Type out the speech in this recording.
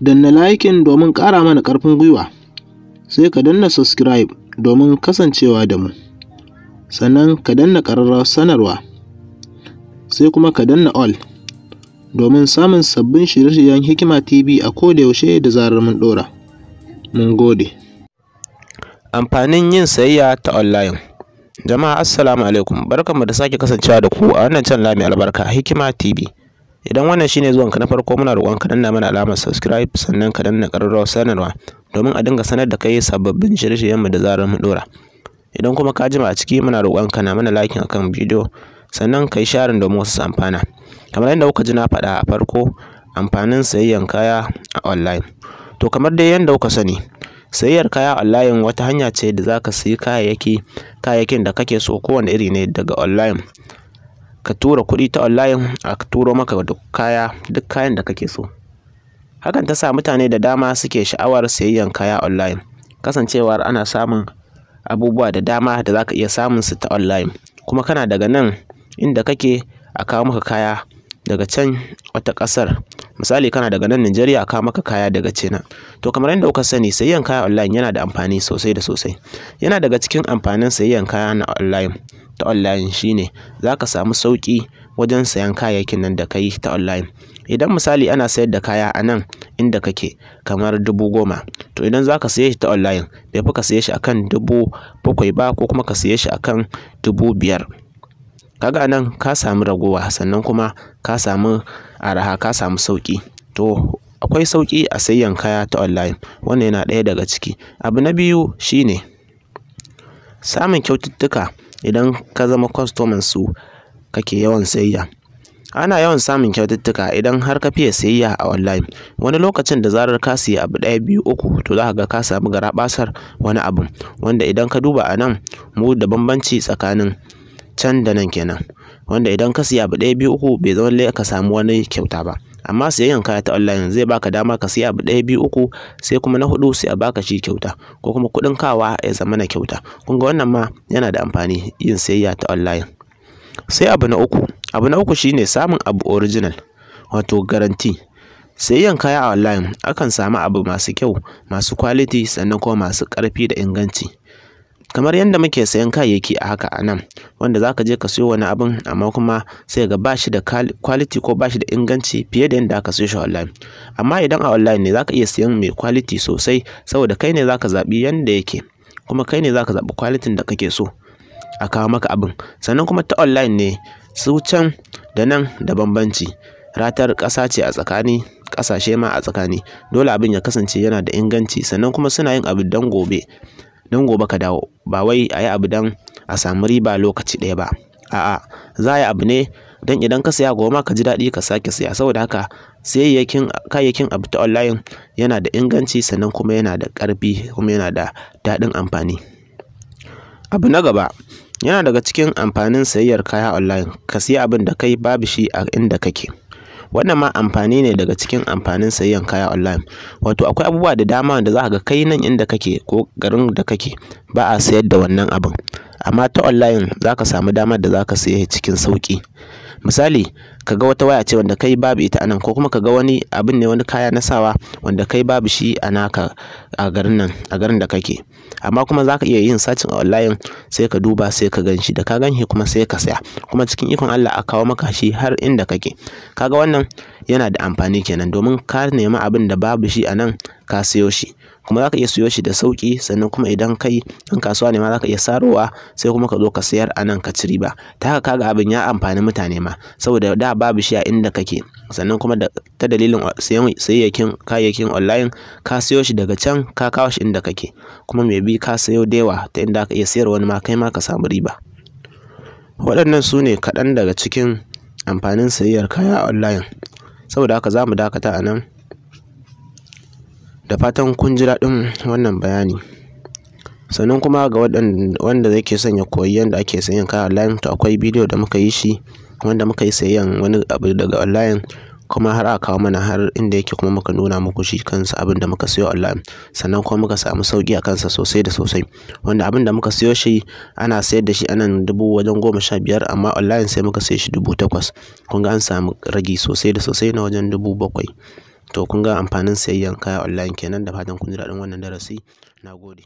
danna like domin ƙara mana ƙarfin gwiwa sai ka danna subscribe domin kasancewa da mu sannan ka danna ƙararrawar sanarwa sai kuma ka danna all domin samun sabbin shirye-shiryen hikima tv a yaushe da zarar mun ɗora mun gode amfanin yin sayayya ta online jama'a assalamu alaikum barkanmu da sake kasancewa da ku a wannan can lami albarka hikima tv Idan wannan shine zuwanka na farko muna roƙon ka danna mana alamar subscribe sannan ka danna ƙararrawar sanarwa domin a dinga sanar da kai sababbin shirye-shiryenmu da zarar mu dora Idan kuma ka jima a ciki muna roƙon ka na mana liking akan bidiyo sannan ka yi sharing domin wasu su amfana. Kamar yadda kuka ji na faɗa a farko amfanin sayayyan kaya a online. To kamar dai yadda kuka sani sayayyar kaya online wata hanya ce da za ka sayi kayayyaki kayayyakin da kake so kowane iri ne daga online. ka tura kuɗi ta online a turo maka da kaya duk kayan da kake so hakan ta sa mutane da dama suke sha'awar sayayyan kaya online kasancewar ana samun abubuwa da dama da za ka iya samun su ta online kuma kana daga nan inda kake a kawo maka kaya daga can wata ƙasar misali kana daga nan Najeriya a kawo maka kaya daga cina. to kamar yadda kuka sani sayayyan kaya online yana da amfani sosai da sosai yana daga cikin amfanin sayayyan kaya na online ta online shine za ka samu sauƙi wajen sayan kayayyakin nan da ka yi ta online. Idan misali ana sayar da kaya a nan inda kake kamar dubu goma, to idan za ka saye shi ta online bai fi ka saye shi akan dubu bakwai ba ko kuma ka saye shi akan dubu biyar. Kaga nan ka samu ragowa sannan kuma ka samu araha, ka samu sauƙi. To akwai sauƙi a sayan kaya ta online. Wannan yana ɗaya daga ciki. Abu na biyu shine samun kyaututtuka idan ka zama kwastoman su kake yawan sayayya. Ana yawan samun kyaututtuka idan har ka fiye sayayya a online. Wani lokacin da zarar ka siya abu ɗaya, biyu, uku to za ka ga ka samu garaɓasar wani abu, wanda idan ka duba a nan mu da bambanci tsakanin can da nan kenan. Wanda idan ka siya abu ɗaya, biyu, uku bai zama lai ka samu wani kyauta ba. amma sayayyan kaya ta online zai baka dama ka siya abu ɗaya biyu uku sai kuma na hudu sai a baka shi kyauta ko kuma kuɗin kawa ya zama na kyauta kun ga wannan ma yana da amfani yin sayayya ta online sai abu na uku abu na uku shine samun abu original wato garanti sayayyan kaya a online akan samu abu masu kyau masu quality sannan kuma masu ƙarfi da inganci kamar yadda muke sayan kayayyaki a haka a nan wanda za ka je ka siyo wani abin amma kuma sai ga ba shi da quality ko ba shi da inganci fiye da yadda aka siyo shi online amma idan a online ne za ka iya sayan mai quality sosai saboda kai ne za ka zaɓi yadda yake kuma kai ne za ka zaɓi quality da kake so a kawo maka abin sannan kuma ta online ne su can da nan da bambanci ratar ƙasa ce a tsakani ƙasashe ma a tsakani dole abin ya kasance yana da inganci sannan kuma suna yin abin don gobe don gobe ka dawo ba wai a yi abu don a samu riba lokaci ɗaya ba a'a za a yi abu ne don idan ka saya goma ka ji daɗi ka sake saya saboda haka sayayyakin kayayyakin abu ta online yana da inganci sannan kuma yana da ƙarfi kuma yana da daɗin amfani abu na gaba yana daga cikin amfanin sayayyar kaya online ka siya abin da kai babu shi a inda kake Wannan ma amfani ne daga cikin amfanin sayan kaya online. Wato akwai abubuwa da dama da za ka ga kai nan inda kake ko garin da kake ba a sayar da wannan abin, Amma ta online za ka samu damar da za ka saye cikin sauƙi. misali ka ga wata waya ce wanda kai babu ita anan ko kuma ka wani abin ne wani kaya na sawa wanda kai babu shi a naka a garin nan a garin da kake amma kuma zaka iya yin sacin a online sai ka duba sai ka ganshi da ka ganshi kuma sai ka saya kuma cikin ikon Allah a kawo maka shi har inda kake kaga wannan yana da amfani kenan domin ka nemi abin da babu shi anan ka siyo shi kuma zaka iya siyo shi da sauki sannan kuma idan kai in kasuwa ne ma za iya sarowa sai kuma ka zo ka sayar a nan ka ci riba ta haka kaga abin ya amfani mutane ma saboda da babu shi a inda kake sannan kuma da ta dalilin sayayyakin kayayyakin online ka siyo shi daga can ka kawo shi inda kake kuma mai bi ka sayo da yawa ta inda ka iya sayar wani ma kai ma ka samu riba waɗannan su ne kaɗan daga cikin amfanin sayayyar kaya online saboda haka za mu dakata a nan da fatan kun ji daɗin wannan bayani sannan kuma ga wanda yake son ya koyi yadda ake sayan kaya online to akwai bidiyo da muka yi shi wanda muka yi sayan wani abu daga online kuma har aka kawo mana har inda yake kuma muka nuna muku shi kansa abin da muka siyo online sannan kuma muka samu sauki a kansa sosai da sosai wanda abin da muka siyo shi ana sayar da shi anan dubu wajen goma sha biyar amma online sai muka sayi shi dubu takwas kun ga an samu ragi sosai da sosai na wajen dubu bakwai To kun ga amfanin sayayyan kaya online kenan da fatan kun ji daɗin wannan darasi. Na gode.